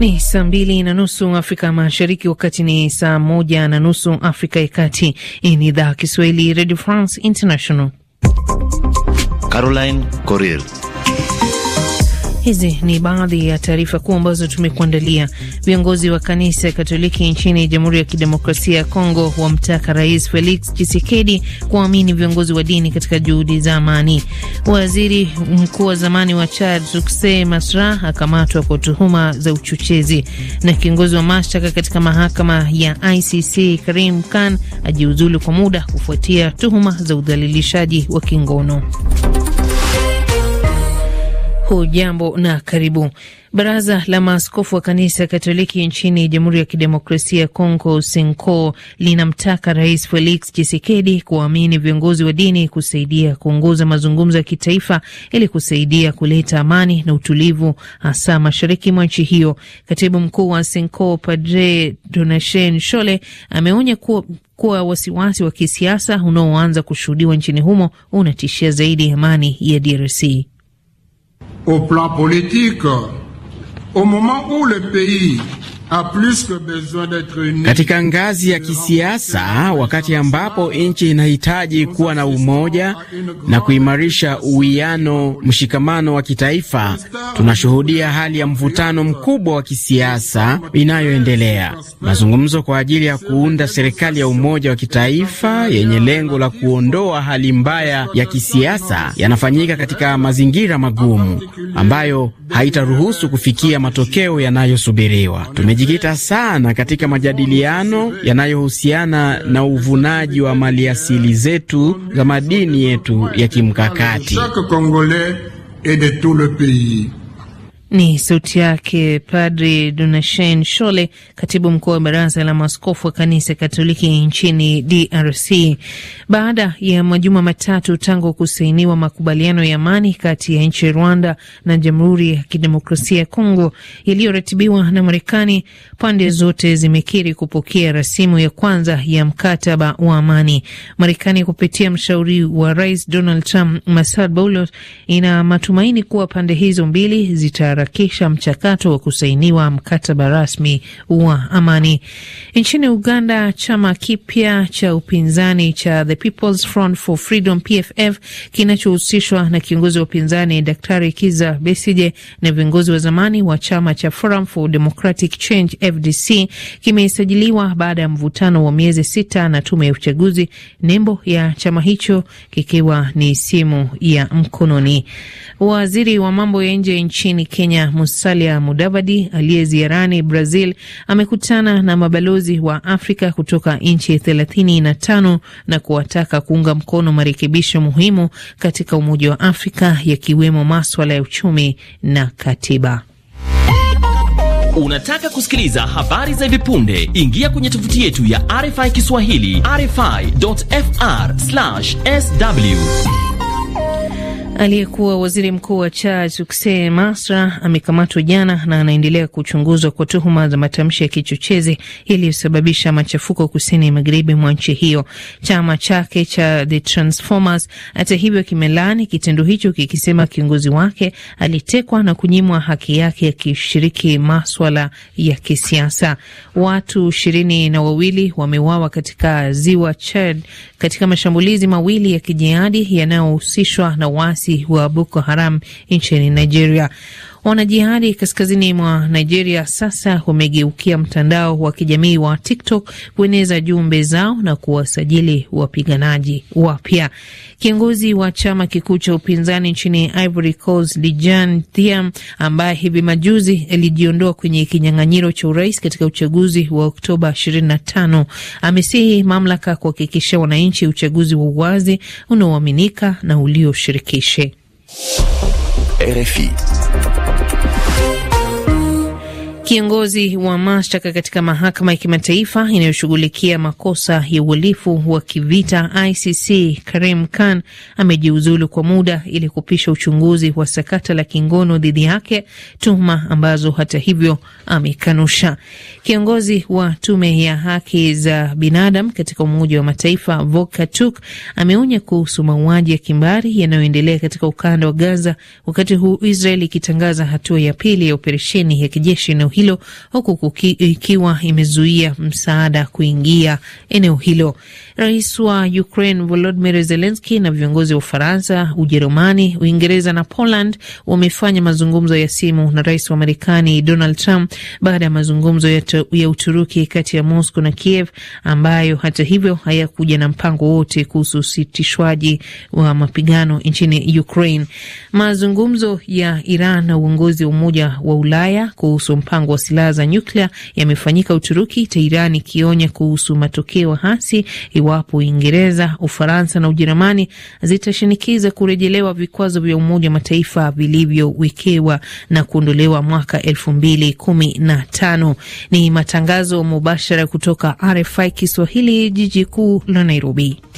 Ni saa mbili na nusu Afrika Mashariki, wakati ni saa moja na nusu Afrika ya Kati. Hii ni idhaa Kiswahili Radio France International. Caroline Coril Hizi ni baadhi ya taarifa kuu ambazo tumekuandalia. Viongozi wa kanisa Katoliki nchini Jamhuri ya Kidemokrasia ya Kongo wamtaka Rais Felix Tshisekedi kuwaamini viongozi wa dini katika juhudi za amani. Waziri mkuu wa zamani wa Chad Sukse Masra akamatwa kwa tuhuma za uchochezi, na kiongozi wa mashtaka katika mahakama ya ICC Karim Khan ajiuzulu kwa muda kufuatia tuhuma za udhalilishaji wa kingono. Hujambo na karibu. Baraza la maaskofu wa kanisa Katoliki nchini Jamhuri ya Kidemokrasia ya Kongo, SENKO, linamtaka Rais Felix chisekedi kuwaamini viongozi wa dini kusaidia kuongoza mazungumzo ya kitaifa ili kusaidia kuleta amani na utulivu, hasa mashariki mwa nchi hiyo. Katibu mkuu wa SENKO, Padre Donatien Shole, ameonya kuwa kuwa wasiwasi wa kisiasa unaoanza kushuhudiwa nchini humo unatishia zaidi amani ya DRC. Au plan politique, au moment où le pays katika ngazi ya kisiasa, wakati ambapo nchi inahitaji kuwa na umoja na kuimarisha uwiano, mshikamano wa kitaifa, tunashuhudia hali ya mvutano mkubwa wa kisiasa inayoendelea. Mazungumzo kwa ajili ya kuunda serikali ya umoja wa kitaifa yenye lengo la kuondoa hali mbaya ya kisiasa yanafanyika katika mazingira magumu ambayo haitaruhusu kufikia matokeo yanayosubiriwa. Tumeji amejikita sana katika majadiliano yanayohusiana na uvunaji wa maliasili zetu za madini yetu ya kimkakati. Ni sauti yake Padri Donatien Shole, katibu mkuu wa baraza la maaskofu wa kanisa Katoliki nchini DRC. Baada ya majuma matatu tangu kusainiwa makubaliano ya amani kati ya nchi Rwanda na Jamhuri ya Kidemokrasia ya Kongo yaliyoratibiwa na Marekani, pande zote zimekiri kupokea rasimu ya kwanza ya mkataba wa amani. Marekani kupitia mshauri wa rais Donald Trump Masad Boulos ina matumaini kuwa pande hizo mbili zita kuharakisha mchakato wa kusainiwa mkataba rasmi wa amani. Nchini Uganda, chama kipya cha upinzani cha The People's Front for Freedom PFF kinachohusishwa na kiongozi wa upinzani Daktari Kiza Besije na viongozi wa zamani wa chama cha Forum for Democratic Change FDC kimesajiliwa baada ya mvutano wa miezi sita na tume ya uchaguzi, nembo ya chama hicho kikiwa ni simu ya mkononi. Waziri wa mambo ya nje nchini Kenya Kenya Musalia Mudavadi aliye ziarani Brazil amekutana na mabalozi wa Afrika kutoka nchi thelathini na tano na kuwataka kuunga mkono marekebisho muhimu katika Umoja wa Afrika yakiwemo maswala ya uchumi na katiba. Unataka kusikiliza habari za hivi punde? Ingia kwenye tovuti yetu ya RFI Kiswahili, rfi.fr/sw. Aliyekuwa waziri mkuu wa Chad Ukse Masra amekamatwa jana na anaendelea kuchunguzwa kwa tuhuma za matamshi ya kichochezi iliyosababisha machafuko kusini magharibi mwa nchi hiyo. Chama chake cha The Transformers hata hivyo kimelaani kitendo hicho kikisema kiongozi wake alitekwa na kunyimwa haki yake ya maswala ya kisiasa. Watu ishirini na wawili wameuawa katika ziwa Chad katika mashambulizi mawili ya kijihadi yanayohusishwa na wasi waasi wa Boko Haram nchini Nigeria. Wanajihadi kaskazini mwa Nigeria sasa wamegeukia mtandao wa kijamii wa TikTok kueneza jumbe zao na kuwasajili wapiganaji wapya. Kiongozi wa chama kikuu cha upinzani nchini Ivory Coast Tidjane Thiam, ambaye hivi majuzi alijiondoa kwenye kinyang'anyiro cha urais katika uchaguzi wa Oktoba 25, amesihi mamlaka kuhakikisha wananchi uchaguzi wa uwazi unaoaminika na ulioshirikishe RFI. Kiongozi wa mashtaka katika mahakama ya kimataifa inayoshughulikia makosa ya uhalifu wa kivita ICC Karim Khan amejiuzulu kwa muda ili kupisha uchunguzi wa sakata la kingono dhidi yake, tuhuma ambazo hata hivyo amekanusha. Kiongozi wa tume ya haki za binadamu katika Umoja wa Mataifa Volker Turk ameonya kuhusu mauaji ya kimbari yanayoendelea katika ukanda wa Gaza, wakati huu israel ikitangaza hatua ya pili ya operesheni ya kijeshi eneo hilo huku ikiwa imezuia msaada kuingia eneo hilo. Rais wa Ukraine Volodymyr Zelensky na viongozi wa Ufaransa, Ujerumani, Uingereza na Poland wamefanya mazungumzo ya simu na rais wa Marekani Donald Trump baada ya mazungumzo ya, ya Uturuki kati ya Moscow na Kiev ambayo hata hivyo hayakuja na mpango wote kuhusu usitishwaji wa mapigano nchini Ukraine. Mazungumzo ya Iran na uongozi wa Umoja wa Ulaya kuhusu mpango mpango wa silaha za nyuklia yamefanyika Uturuki, tairan ikionya kuhusu matokeo hasi iwapo Uingereza, Ufaransa na Ujerumani zitashinikiza kurejelewa vikwazo vya Umoja wa Mataifa vilivyowekewa na kuondolewa mwaka elfu mbili kumi na tano. Ni matangazo mubashara kutoka RFI Kiswahili, jiji kuu la Nairobi.